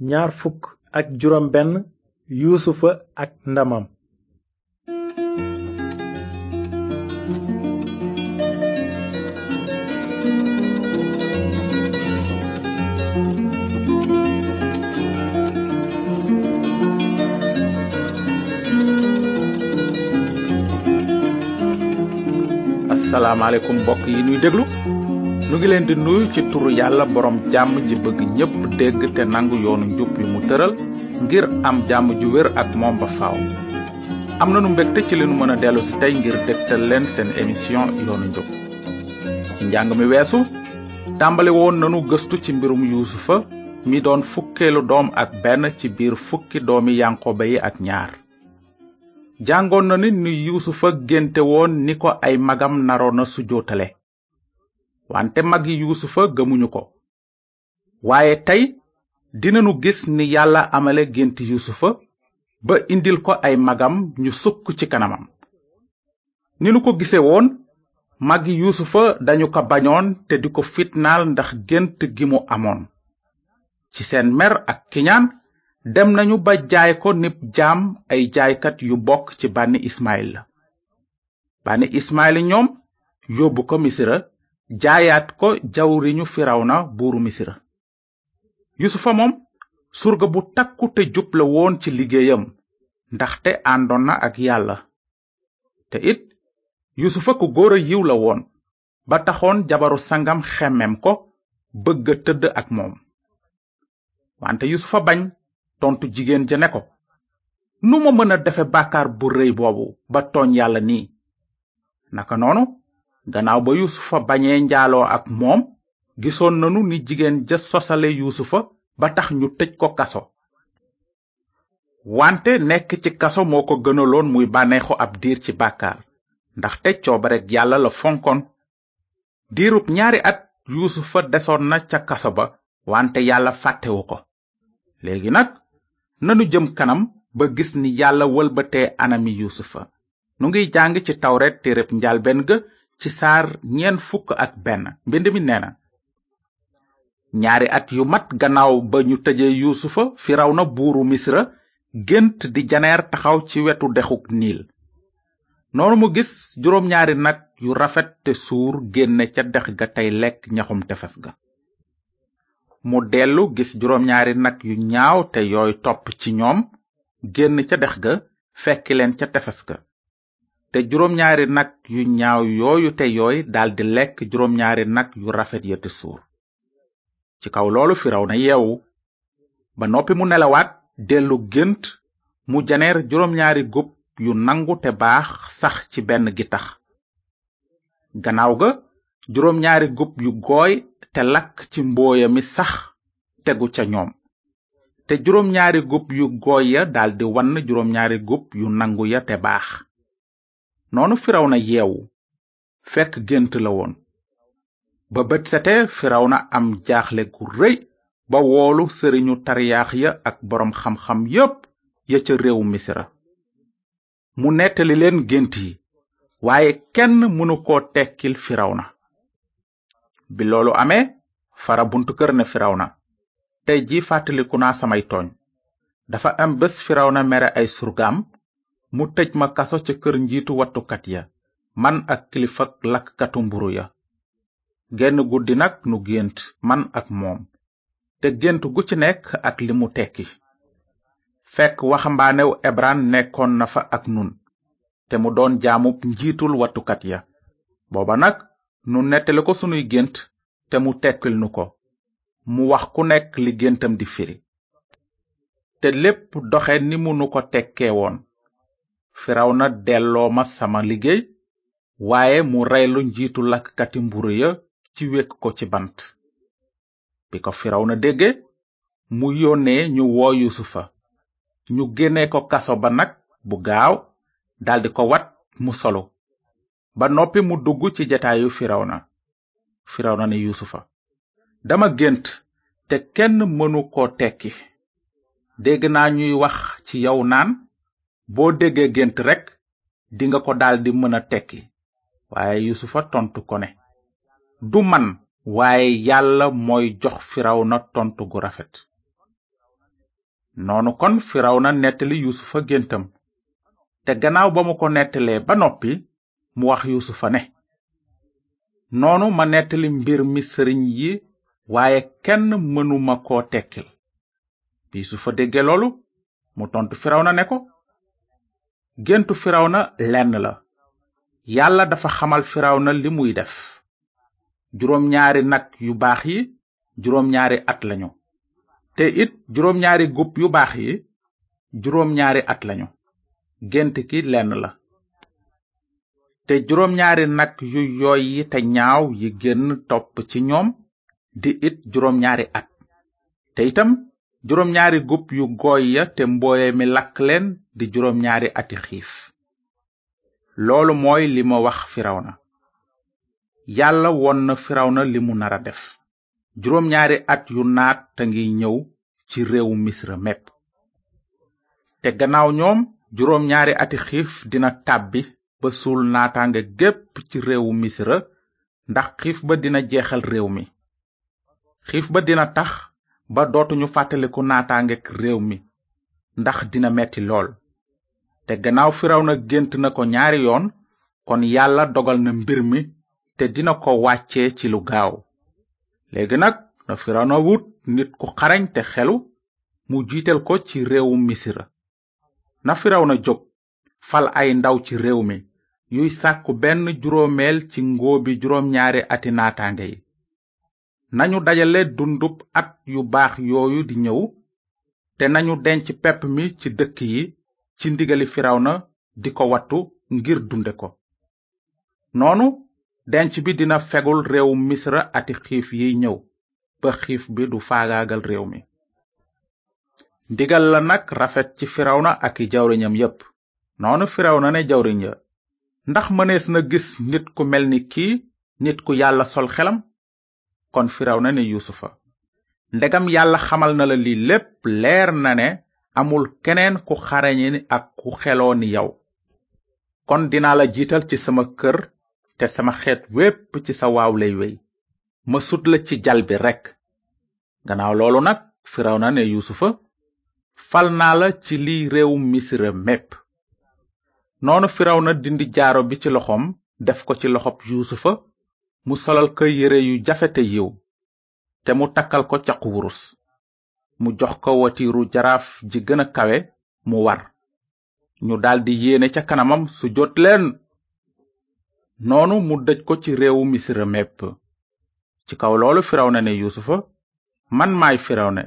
ñaar fukk ak yuusufa ak ndamam asalaamaaleykum mbokk yi ñuy déglu nu ngi leen di nuyu ci turu yàlla boroom jàmm ji bëgg ñépp dégg te nangu yoonu njub yu mu tëral ngir am jàmm ju wér ak moom ba faaw am nanu mbégte ci li nu mën a dellu si tey ngir dégtal leen seen émission yoonu njub ci njàng mi weesu tàmbaliwoon woon nanu gëstu ci mbirum yuusufa mi doon fukkeelu doom ak benn ci biir fukki doomi yankoba yi ak ñaar jàngoon na ni ni yuusufa génte woon ni ko ay magam naroon na sujjóotale wante magi yuusufa gëmuñu ko waaye tey dinanu gis ni yàlla amale gént yuusufa ba indil ko ay magam ñu sukk ci kanamam ni nu ko gise woon mag yuusufa dañu ko bañoon te di ko fitnaal ndax gént gi mu amoon ci seen mer ak kiñaan dem nañu ba jaay ko nib jaam ay jaaykat yu bokk ci bànni ismaayil la bànni ismaayil ñoom yóbbu ko misira jaayaat ko jawriñu na buuru misira yusufa moom surga bu takku te jub woon ci liggéeyam ndaxte àndoon na ak yàlla te it yusufa ku góor yiw la woon ba taxoon jabaru sangam xemmem ko bëgga tëdd ak moom wante yusufa bañ tontu jigéen ja ne ko nu ma mën a defe bàkkaar bu rëy boobu ba tooñ yàlla nii naka noonu gannaaw ba yuusufa bañee njaaloo ak moom gisoon nanu ni jigéen ja sosale yuusufa ba tax ñu tëj ko kaso wante nekk ci kaso moo ko gënaloon muy bànneexu ab diir ci bàkkaar ndaxte coobareg yàlla la fonkoon diirub ñaari at yuusufa desoon na ca kaso ba wante yàlla fàttewu ko léegi nag nanu jëm kanam ba gis ni yàlla wëlbatee anami yuusufa nu ngi jàng ci tawret téereb njalben ga ci saar ñeen fukk ak benn mbind mi nee na ñaari at yu mat gannaaw ba ñu tëjee yuusufa na buuru misra gént di janeer taxaw ci wetu dexuk niil noonu mu gis juróom ñaari nag yu rafet te suur génne ca dex ga tey lekk ñaxum tefes ga mu dellu gis juróom ñaari nag yu ñaaw te yooy topp ci ñoom génn ca dex ga fekki leen ca tefes ga te juróom ñaari nag yu ñaaw yooyu te yooy daldi lekk juróom ñaari nag yu rafet ya te suur ci kaw loolu na yeewu ba noppi mu nelawaat dellu gént mu janeer juróom ñaari gub yu nangu te baax sax ci benn gi gannaaw ga juróom ñaari yu gooy te lakk ci mbooya mi sax tegu ca ñoom te juróom ñaari gub yu gooy ya daldi wann juróom ñaari gub yu nangu ya te baax noonu firawna yeewu fekk gént la woon ba bët sete firawna am jaaxle gu rëy ba woolu sëriñu tariyaax ya ak boroom xam-xam yépp ya ca réew misira mu nettali leen gént yi waaye kenn mënu ko tekkil firawna bi loolu amee fara buntu kër ne firawna tey jii fàttaliku naa samay tooñ dafa am bés firawna mere ay surgaam mu tëj ma kaso ca kër njiitu wattukat ya man ak kilifak lakkatu mburu ya genn guddi nag nu gént man ak moom te gént gu ci nekk ak li mu tekki fekk waxambaanew ebraan nekkoon na fa ak nun te mu doon jaamub njiitul wattukat ya booba nag nu nettali ko sunuy gént te mu tekkil nu ko mu wax ku nekk li géntam di firi te lépp doxe ni mu nu ko tekkee woon firawna delloo ma sama liggéey waaye mu reylu njiitu lakkati mburu ya ci wekk ko ci bant bi ko firawna dégge mu yónnee ñu woo yusufa ñu génne ko kaso ba nag bu gaaw daldi ko wat mu solu ba noppi mu dugg ci jataayu firawna firawna ne yusufa dama gént te kenn mënu ko tekki dégg naa ñuy wax ci yow naan boo déggee gént rekk dinga ko daldi mën a tekki waaye yusufa tontu ko ne du man waaye yàlla mooy jox firawna tontu gu rafet noonu kon firawna nettali yusufa géntam te gannaaw ba mu ko nettalee ba noppi mu wax yusufa ne noonu ma nettali mbir mi sëriñ yi waaye kenn mënuma ko tekkil bi yusufa déggee loolu mu tontu firawna ne géntu na lenn la yàlla dafa xamal firawna li muy def juróom ñaari nag yu baax yi juróom ñaari at lañu te it juróom ñaari gub yu baax yi juróom ñaari at lañu gént ki lenn la te juróom ñaari nag yu yooy yi te ñaaw yi génn topp ci ñoom di it juróom ñaari at te itam juróom ñaari gub yu gooy ya te mbooye mi lakk leen di juróom ñaari ati xiif loolu mooy lima ma wax firawna yàlla won na firawna li mu nara def juróom ñaari at yu naata ngi ñëw ci réewu misra mépp te gannaaw ñoom juróom ñaari ati xiif dina tàbbi ba suul naataange gépp ci réewu misra ndax xiif ba dina jeexal réew mi xiif ba dina tax ba dootuñu fàttaliku naataangeek réew mi ndax dina metti lool te gannaaw firawna gént na ko ñaari yoon kon yàlla dogal na mbir mi te dina ko wàccee ci lu gaaw léegi nag na firawna wut nit ku xarañ te xelu mu jiital ko ci réewu misira na firawna jóg fal ay ndaw ci réew mi yuy sàkku benn juróomeel ci ngóobi juróom ñaari ati naataange yi nañu dajale dundub at yu baax yooyu di ñëw te nañu denc pepp mi ci dëkk yi ci ndigali na di ko wattu ngir dunde ko noonu denc bi dina fegul réew misra ati xiif yiy ñëw ba xiif bi du faagaagal réew mi ndigal la nag rafet ci firaw na ak i jawriñam yépp noonu na ne jawriñ ya ndax mënees na gis nit ku mel ni kii nit ku yàlla sol xelam kon firawna ne yusufa ndegam yàlla xamal na la lii lépp leer na ne amul keneen ku xarañe ni ak ku xeloo ni yow kon dinaa la jiital ci sama kër te sama xeet wépp ci sa waaw lay wey ma sut la ci jal bi rekk gannaaw loolu nag na ne yusufa fal naa la ci li réewum misira mépp noonu na dindi jaaro bi ci loxoom def ko ci loxob yusufa mu solal ko yére yu jafete yiw te mu takkal ko caqu wurus mu jox ko watiiru jaraaf ji gëna kawe mu war ñu daldi yéene ca kanamam su jot leen noonu mu dëj ko ci réewu misira mépp ci kaw loolu na ne yuusufa man maay firawna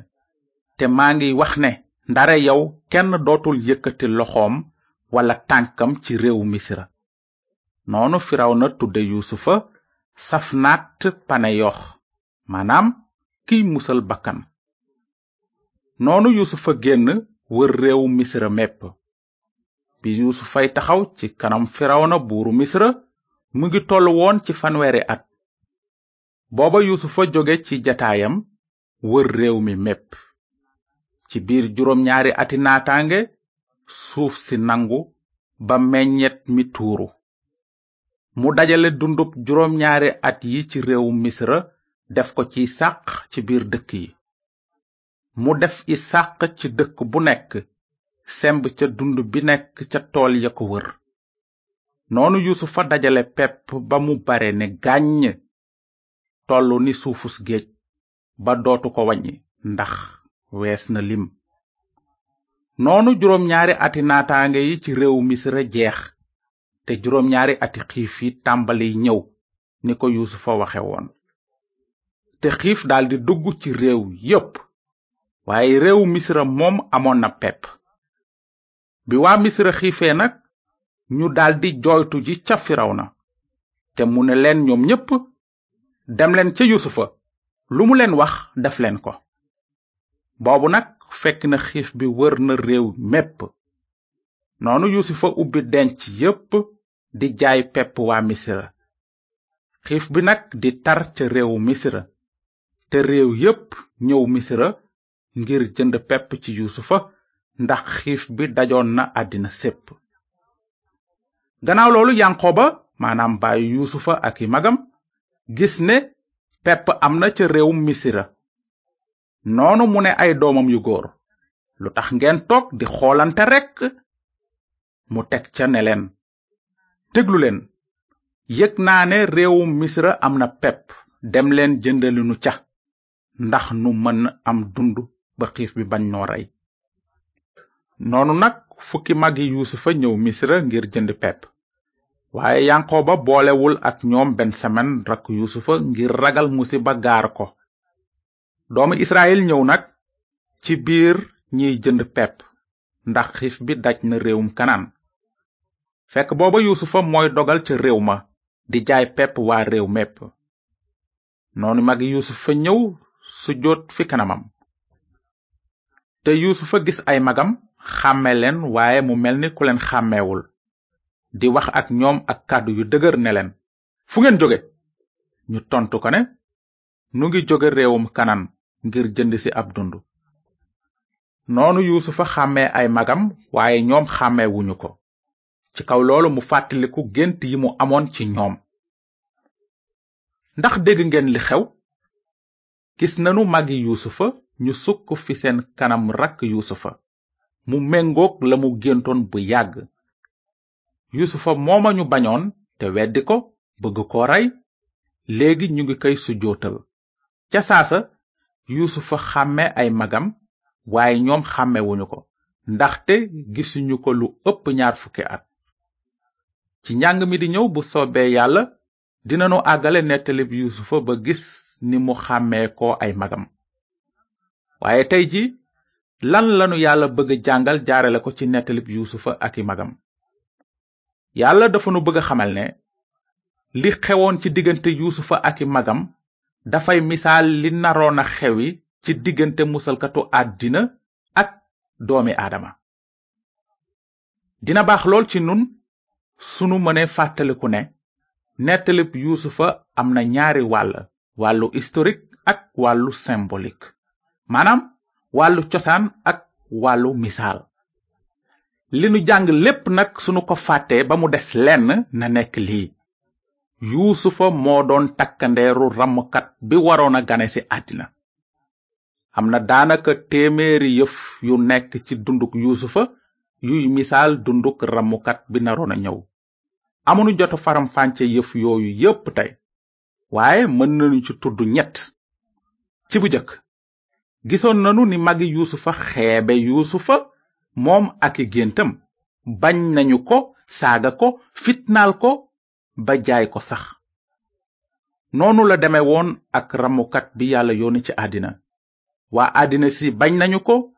te maa ngi wax ne ndare yow kenn dootul yëkkati loxoom wala tànkam ci réewu misira noonu firawna tudde yuusufa safnaat paneyox maanaam kiy musal bakkan noonu yusufa génn wër réewu misra mépp bi yuusufay taxaw ci kanam firawna buuru misra mu ngi toll woon ci fanweeri at booba yusufa jóge ci jataayam wër réew mi mépp ci biir juróom ñaari ati naataange suuf si nangu ba meññet mi tuuru mu dajale dundub juróom ñaari at yi ci réew misra def ko ci sàq ci biir dëkk yi mu def isàq ci dëkk bu nekk semb ca dund bi nekk ca tool ya ko wër noonu yusufa dajale pepp ba mu bare ne gàññ tollu ni suufu géej ba dootu ko waññi ndax wees na lim noonu juróom ñaari ati naataange yi ci réew misra jeex te juróom ñaari ati xiif yi tàmbali ñëw ni ko yuusufa waxe woon te xiif daldi dugg ci réew yépp waaye réew misra moom amoon na pepp bi waa misra xiifee nag ñu daldi jooytu ji ca na te mu ne leen ñoom ñépp dem leen ca yuusufa lu mu leen wax def leen ko boobu nag fekk na xiif bi wër na réew mépp noonu yuusufa ubbi denc yépp di jaay pepp waa misira xiif bi nag di tar ca réewu misira te réew yépp ñëw misira ngir jënd pepp ci yusufa ndax xiif bi dajoon na àddina sépp gannaaw loolu yanqoba maanaam baayu yuusufa ak i magam gis ne pepp am na ca réewum misira noonu mu ne ay doomam yu góor lu tax ngeen toog di xoolante rekk mu teg ca ne leen déglu leen yëg naa ne réewum misra am na pepp dem leen jëndalinu ca ndax nu mën am dund ba xiif bi bañ noo rey noonu nag fukki mag yi yuusufa ñëw misra ngir jënd pepp waaye yanqooba boolewul ak ñoom bensamen rakk yuusufa ngir ragal musiba gaar ko doomu israel ñëw nag ci biir ñiy jënd pepp ndax xiif bi daj na réewum kanaan fekk booba yuusufa mooy dogal ca réew ma di jaay pepp waa réew mépp noonu mag yuusufa ñëw su fi kanamam te yuusufa gis ay magam xàmmee leen waaye mu mel ni ku leen xàmmewul di wax ak ñoom ak kàddu yu dëgër ne leen fu ngeen jóge ñu tontu ko ne nu ngi jóge réewum kanan ngir jënd ci ab dund noonu yuusufa xàmmee ay magam waaye ñoom xàmmewuñu ko ci kaw loolu mu fàttaliku gént yi mu amoon ci ñoom ndax dégg ngeen li xew gis nanu magi yuusufa ñu sukk fi seen kanam rakk yuusufa mu méngoog la mu géntoon bu yàgg yuusufa mooma ñu bañoon te weddi ko bëgg ko rey léegi ñu ngi koy sujootal ca saasa yuusufa xàmme ay magam waaye ñoom xàmmewuñu ko ndaxte gisuñu ko lu ëpp ñaar fukki at ci njàng mi di ñëw bu soobee yàlla dinanu àggale nettalib yuusufa ba gis ni mu xàmmee ko ay magam waaye tey ji lan lanu yàlla bëgg jàngal jaarale ko ci nettalib yuusufa ak i magam yàlla dafa nu bëgg xamal ne li xewoon ci diggante yuusufa ak i magam dafay misaal li naroon a xewi ci diggante musalkatu àddina ak doomi aadama dina baax lool ci nun sunu mënee fàttaliku ne nettalib yuusufa am na ñaari wàll wàllu historique ak wàllu symbolique maanaam wàllu cosaan ak wàllu misaal li nu jàng lépp nag sunu ko fàttee ba mu des lenn na nekk lii yuusufa moo doon takkandeeru rammkat bi waroon a gane ci àddina am na daanaka téeméeri yëf yu nekk ci dunduk yuusufa yuy misaal dunduk ramukat bi naroon a ñëw amunu jotu faram-fànce yëf yooyu yépp tey waaye mën nañu ci tudd ñett ci bu jëkk gisoon nanu ni magi yuusufa xeebe yuusufa moom ak i géntam bañ nañu ko saaga ko fitnaal ko ba jaay ko sax noonu la deme woon ak ramukat bi yàlla yónni ci àddina waa àddina si bañ nañu ko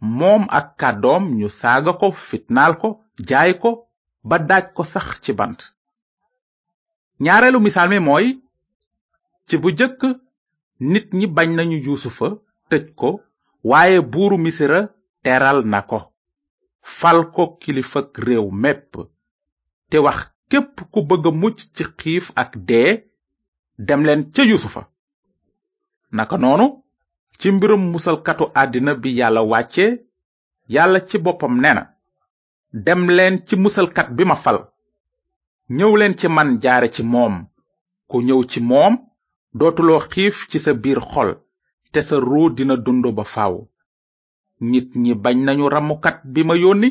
moom ak kàddoom ñu saaga ko fitnaal ko jaay ko ba daaj ko sax ci bant ñaareelu misaal mi mooy ci bu jëkk nit ñi bañ nañu yuusufa tëj ko waaye buuru misira teral na ko fal ko kilifak réew mépp te wax képp ku bëgg a mucc ci xiif ak dee demleen ca yusufa naka noonu ci mbirum musalkatu àddina bi yàlla wàcce yàlla ci boppam ne na dem leen ci musalkat bi ma fal ñëw leen ci man jaare ci moom ku ñëw ci moom dootuloo xiif ci sa biir xol te sa ruu dina dund ba faw nit ñi bañ nañu ramukat bi ma yónni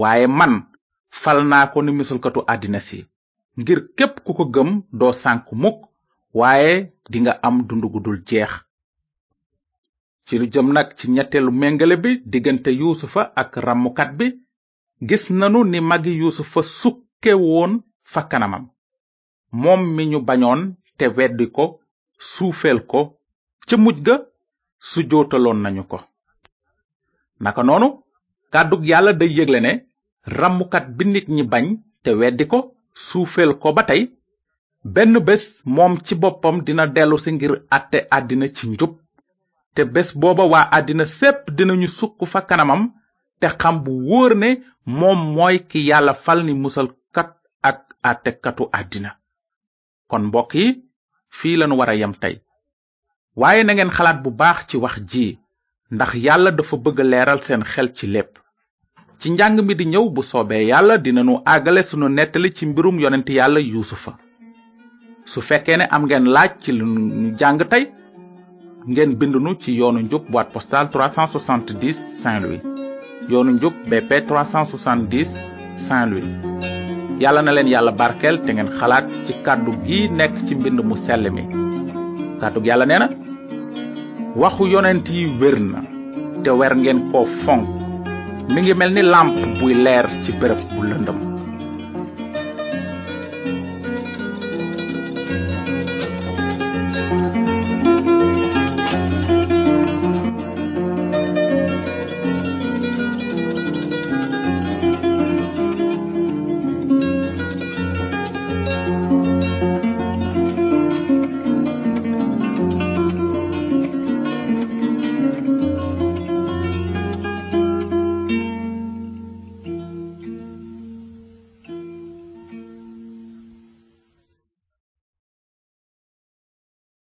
waaye man fal naa ko ni musalkatu àddina si ngir képp ku ko gëm doo sànk mukk waaye dinga am dund gudul jeex ci lu jëm nag ci ñetteelu méngale bi diggante yuusufa ak ràmmkat bi gis nanu ni magi yuusufa sukke fa kanamam moom mi ñu bañoon te weddi ko suufeel ko ca mujj ga su nañu ko naka noonu kàddug yàlla day yégle ne ràmmukat bi nit ñi bañ te weddi ko suufeel ko ba tey benn bés moom ci boppam dina dellusi ngir àtte àddina ci njub te bés booba waa àddina sépp dinañu sukk fa kanamam te xam bu wóor ne moom mooy ki yàlla fal ni musalkat ak àttekatu àddina kon mbokk yi fii lañu war a yem tey waaye na ngeen xalaat bu baax ci wax ji ndax yàlla dafa bëgg leeral seen xel ci lépp ci njàng mi di ñëw bu soobee yàlla dinanu àggale sunu nettali ci mbirum yonent yàlla yuusufa su fekkee ne am ngeen laaj ci lu ñu jàng tey ngeen bindunu ci yoonu njub boîte postale 370 Saint-Louis yoonu njub BP 370 Saint-Louis yàlla na leen yàlla barkeel te ngeen xalaat ci kàddu gi nekk ci mbind mu sell mi kàddu yàlla nee na waxu yonent yi wér na te wer ngeen ko fonk mi ngi mel ni làmp buy leer ci bërëb bu lëndëm